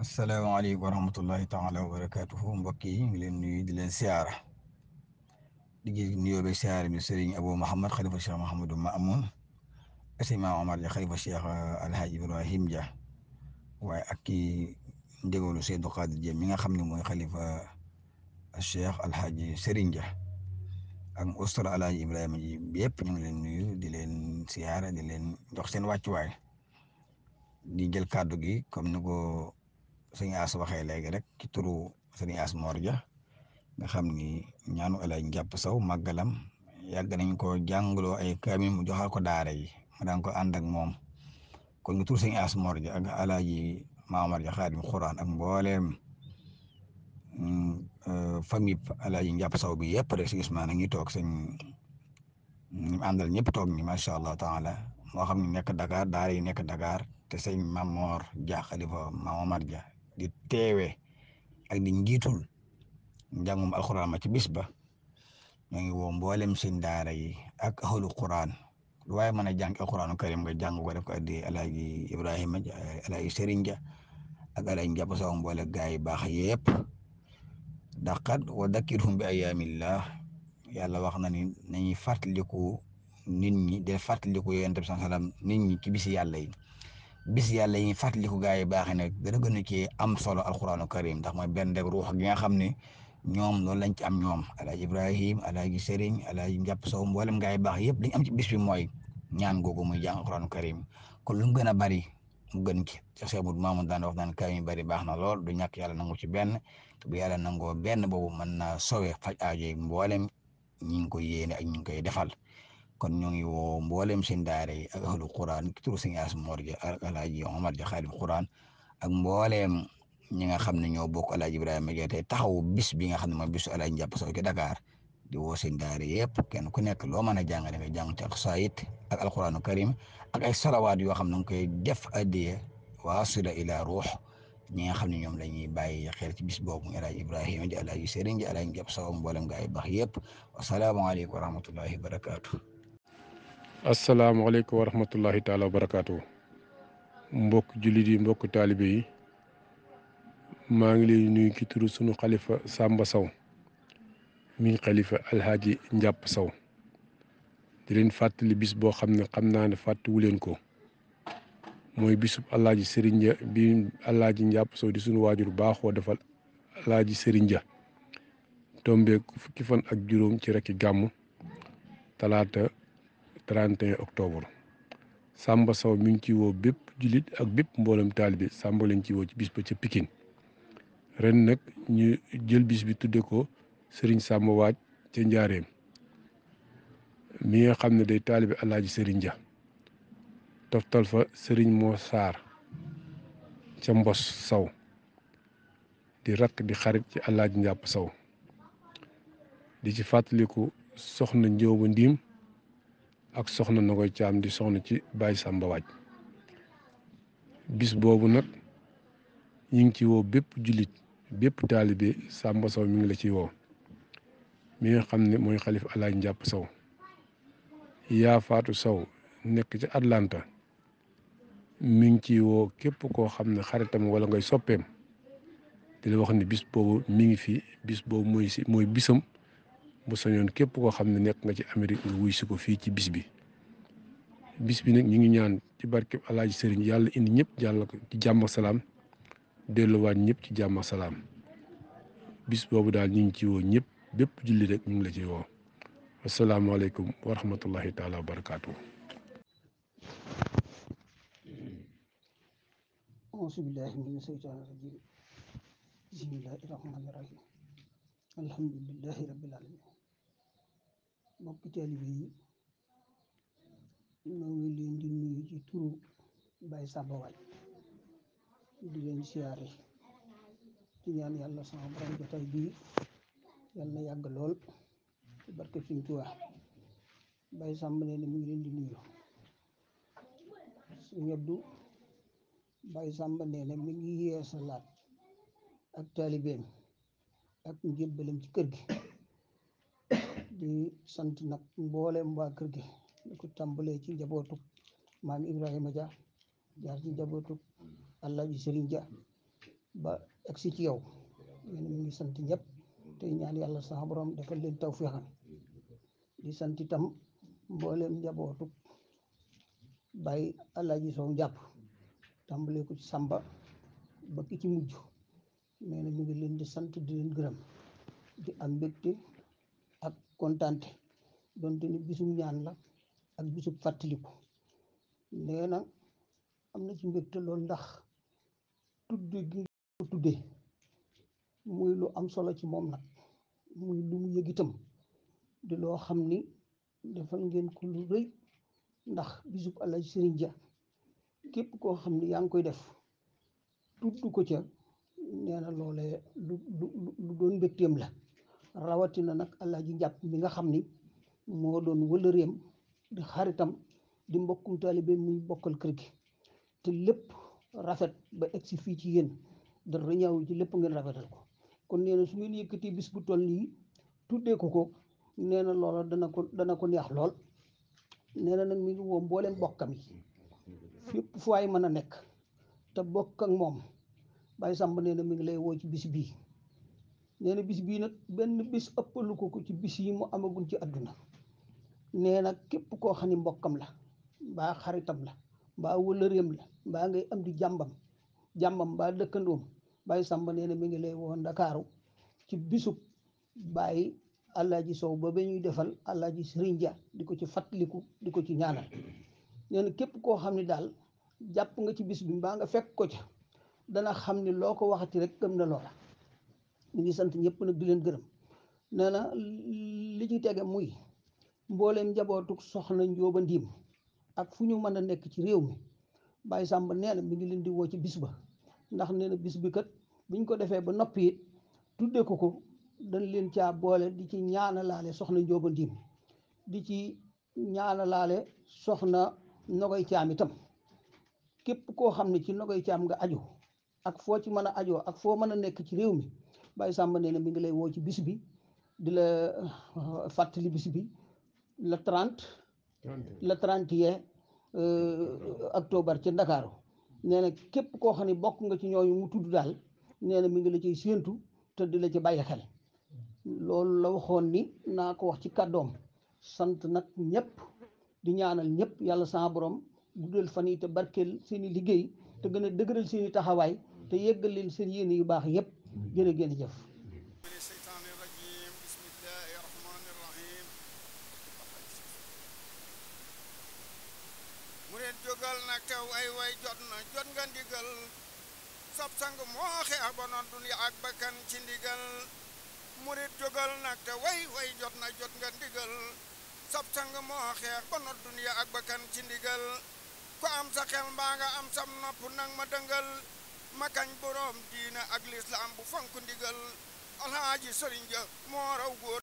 asalaamaaleykum wa rahmatullahi taala wa barakaatuhu mbokk yi ngi leen nuyu di leen siyaara di gis nuyoo bi siyaara bi sëriñ Abou Mouhamed xalifa cheikh Mouhamadou Mamoun asima Omar di xalifa cheikh euh, Alhaji Ibrahim Dia waaye ak ki ndégalu Seydou Qadir Dia mi nga xam ne mooy xalifa euh, cheikh Alhaji Serigne Dia ak ustra Alhaji Ibrahima ji yëpp ñu gi leen nuyu di leen siyaara di leen jox seen wàccuwaay di jël kàddu gi comme ni sëñ As waxee léegi rek ci turu sëñ As Mor Dia nga xam ni ñaanu El Hadj Ndiapp Sow màggalam yàgg nañ ko jàngaloo ay kaamil mu joxal ko daara yi mu ko ànd ak moom kon nga tur sëñ As Mor Dia ak El Hadj Maamar Dia Xaadim Xuraan ak mbooleem mm, euh, famille El Hadj Ndiapp Sow bi yëpp rek sëñ Ousmane a ngi toog sëñ ñu àndal ñëpp toog ni macha allah taala moo xam ne nekk Dakar daara yi nekk Dakar te sëñ Mamor Dia xalifa Mamar Dia di teewe ak di njiitul njàngum alxuraan ma ci bis ba maa ngi woo mboolem seen daara yi ak ahlu quran waaye mën a jàng alxuraanu karim nga jàng ko def ko addi alaaji Ibrahima alaaji Serigne Dia ak alaaji Ndiaye Sow mboole gaay yi baax yëpp daqat wa dakkirhum bi ayaamillah yàlla wax na ni nañuy fàttaliku nit ñi de fàttaliku yonent bi sallam nit ñi ci bisi yàlla yi. bis yàlla yi fàttaliku gaa yi baaxee nag gën a gën a ci am solo alquranu karim ndax mooy benn deg ruux gi nga xam ne ñoom loolu lañ ci am ñoom alaaji ibrahim alaaji sëriñ alaaji njàpp sow mboolem gaa yi baax yëpp dañ am ci bis bi mooy ñaan googu muy jàng alquranu karim kon lu mu gën a bari mu gën ci Cheikh Seydou Mamoun daan wax naan kaay yu bari baax na lool du ñàkk yàlla nangu ci benn te bu yàlla nangoo benn boobu mën naa sowe faj aajo yi mboolem ñi ngi koy yéene ak ñi ngi koy defal kon ñoo ngi woo mboolem seen daara yi ak ahlu quran ki turu sëñ As Mor ja ak alaaji Omar ja xaadim quran ak mbooleem ñi nga xam ne ñoo bokk alaaji Ibrahima ja tey taxaw bis bi nga xam ne mooy bisu alaaji njàpp saw ci Dakar di woo seen daara yëpp kenn ku nekk loo mën a jàngale nga jàng ci xasaayit ak alquranu karim ak ay salawaat yoo xam ne nga koy def addiye waasila ila ruux ñi nga xam ne ñoom la ñuy bàyyi xel ci bis boobu El Hadj Ibrahima di El Hadj Serigne di El Hadj Ndiab Sow gaa yi baax yëpp wasalaamaaleykum wa rahmatullahi asalaamaaleykum wa rahmatullahi taala wa barakaatu mbokk jullit yi mbokk taalibe yi maa ngi lay nuyu ci turu sunu xalifa Samba Sow mi xalifa Alhaaji Njàpp saw di leen fàttali bis boo xam ne xam naa ne fàttewu leen ko mooy bisub Alhaaji Sëriñ Ja Njàpp Sow di sunu waajur baaxoo defal Alhaaji Sëriñ Ja tombeek fukki fan ak juróom ci rekki gàmm talaata 31 octobre Samba Sow mi ngi ci woo bépp jullit ak bépp mboolem taalibe sàmba lañ ci woo ci bis ba ca Pikine ren nag ñu jël bis bi tudde ko sëriñ Samba Waaj ca Njaareem mi nga xam ne day taalibe Alaaji Serigne Ja toftal fa sëriñ Moo Saar ca Mbos saw di rakk di xarit ci Alaaji Njàpp Sow di ci fàttaliku soxna Njóoba Ndiim ak soxna na koy caam di soxna ci Baye Samba Waaj bis boobu nag ñu ngi ci woo bépp jullit bépp taalibe Samba Sow mi ngi la ci woo mi nga xam ne mooy xalif alaaj njàpp Sow yaa Faatu Sow nekk ci Atlanta mi ngi ci woo képp koo xam ne xaritam walla ngay soppeem di la wax ne bis boobu mi ngi fi bis boobu mooy si mooy bisam bu sañoon képp koo xam ne nekk nga ci Amérique nga wuy si ko fii ci bis bi bis bi nag ñu ngi ñaan ci barkeb alaaji sëriñ yàlla indi ñëpp jàll ci jàmm ak salaam delluwaat ñëpp ci jàmm salaam bis boobu daal ñu ngi ci woo ñëpp bépp julli rek ñu ngi la ci woo asalaamaaleykum wa rahmatullahi taala wa barakaatu mbokki taalibe mu ngi leen di nuyu ci turu Baye Samba Wathie di leen siyaare di ñaan yàlla sama borom jotaay bii yàlla na yàgg lool ci barke Sëriñ Tuubaa Baye Samba nee na ngi leen di nuyu Sëriñ Abdu Baye Samba nee na mi ngi yeesalaat ak taalibeem ak njébbalam ci kër gi di sant nag mboolem waa kër gi di ko tàmbalee ci njabootu maam Ibrahima Dia jaar ci njabootu Alaaji Sëriñ Dia ba agsi ci yow yéen mu ngi sant ñëpp te ñaan yàlla sax borom defal leen tawfeexam di sant itam mboolem njabootu bay Alaaji Sow jàpp tàmbalee ko ci Samba ba ki ci mujj nee na ñu ngi leen di sant di leen gërëm di am kontaante donte ni bisum ñaan la ak bisub fàttaliku nee na am na ci mbégte lool ndax tudde gi ko muy lu am solo ci moom nag muy lu mu yëg di loo xam ni defal ngeen ko lu ndax bisub Alaaji Sëriñ Ja képp koo xam ni yaa ngi koy def tudd ko ca nee na loolee lu lu lu doon mbégteem la rawatina nag Alaaji Njàpp mi nga xam ni moo doon wëlëreem di xaritam di mbokkum taalibe muy bokkal kër gi te lépp rafet ba egsi fii ci da dara ñaaw ci lépp ngeen rafetal ko kon nee na su ngeen yëkkatee bis bu toll nii tu dee ko ko nee na loola dana ko dana ko neex lool nee na nag mi ngi woo mbooleem bokkam yi fépp fu waay mën a nekk te bokk ak moom Baye Samb nee na mi ngi lay woo ci bis bii nee bis bii nag benn bis ëppalu ko ci bis yi mu amagul ci àdduna nee na képp koo xam ni mbokkam la mbaa xaritam la mbaa wëlëreem la mbaa ngay am di jàmbam jàmbam mbaa dëkkandoom bay sàmba nee na mi ngi lay woo ndakaaru ci bisub bàyyi àllaaji sow ba ñuy defal àllaaji sëriñ ja di ko ci fàttaliku di ko ci ñaanal nee képp koo xam ne daal jàpp nga ci bis bi mbaa nga fekk ko ca dana xam ne loo ko waxati rek gëm na loola ñu ngi sant ñëpp nag di leen gërëm nee na li ci tege muy mbooleem njabootu soxna njóoba ndiim ak fu ñu mën a nekk ci réew mi Baye Samba nee na mi ngi leen di woo ci bis ba ndax nee na bi kat biñ ko defee ba noppi it tuddee ko ko dañ leen caa boole di ci ñaana laale soxna njóoba ndiim di ci ñaanalaale soxna nogoy caam itam képp koo xam ne ci nogoy caam nga aju ak foo ci mën a ajoo ak foo mën a nekk ci réew mi Baye Samba nee na mi ngi lay woo ci bis bi di la euh, fàttali bis bi le 30. le 31 euh, octobre ci Ndakaaru nee na képp koo xam ne bokk nga ci ñooñu mu tudd daal nee na mi ngi la ciy séentu te di la ci bàyyi xel loolu la waxoon ni naa ko wax ci kàddoom sant nag ñëpp di ñaanal ñëpp yàlla sa borom guddal fan yi te barkeel seen i liggéey te gën a dëgëral seen i taxawaay te yeggal leen seen yéene yu baax yëpp jërë ngeen jëf murit jógal na kaw ay way jot na jot nga ndigal sab sang mooxe abono dunya ak bakkan ci ndigal murit jógal nag te way way jot na jot nga ndigal sab sang moo xeex ba not duniya ak bakkan ci ndigal ku am sa xel mbaa nga am sam nopp nag ma dëngal ma kañ boroom diina ak lislaam bu fonk ndigal alhaaji sëriñ ja moo raw góor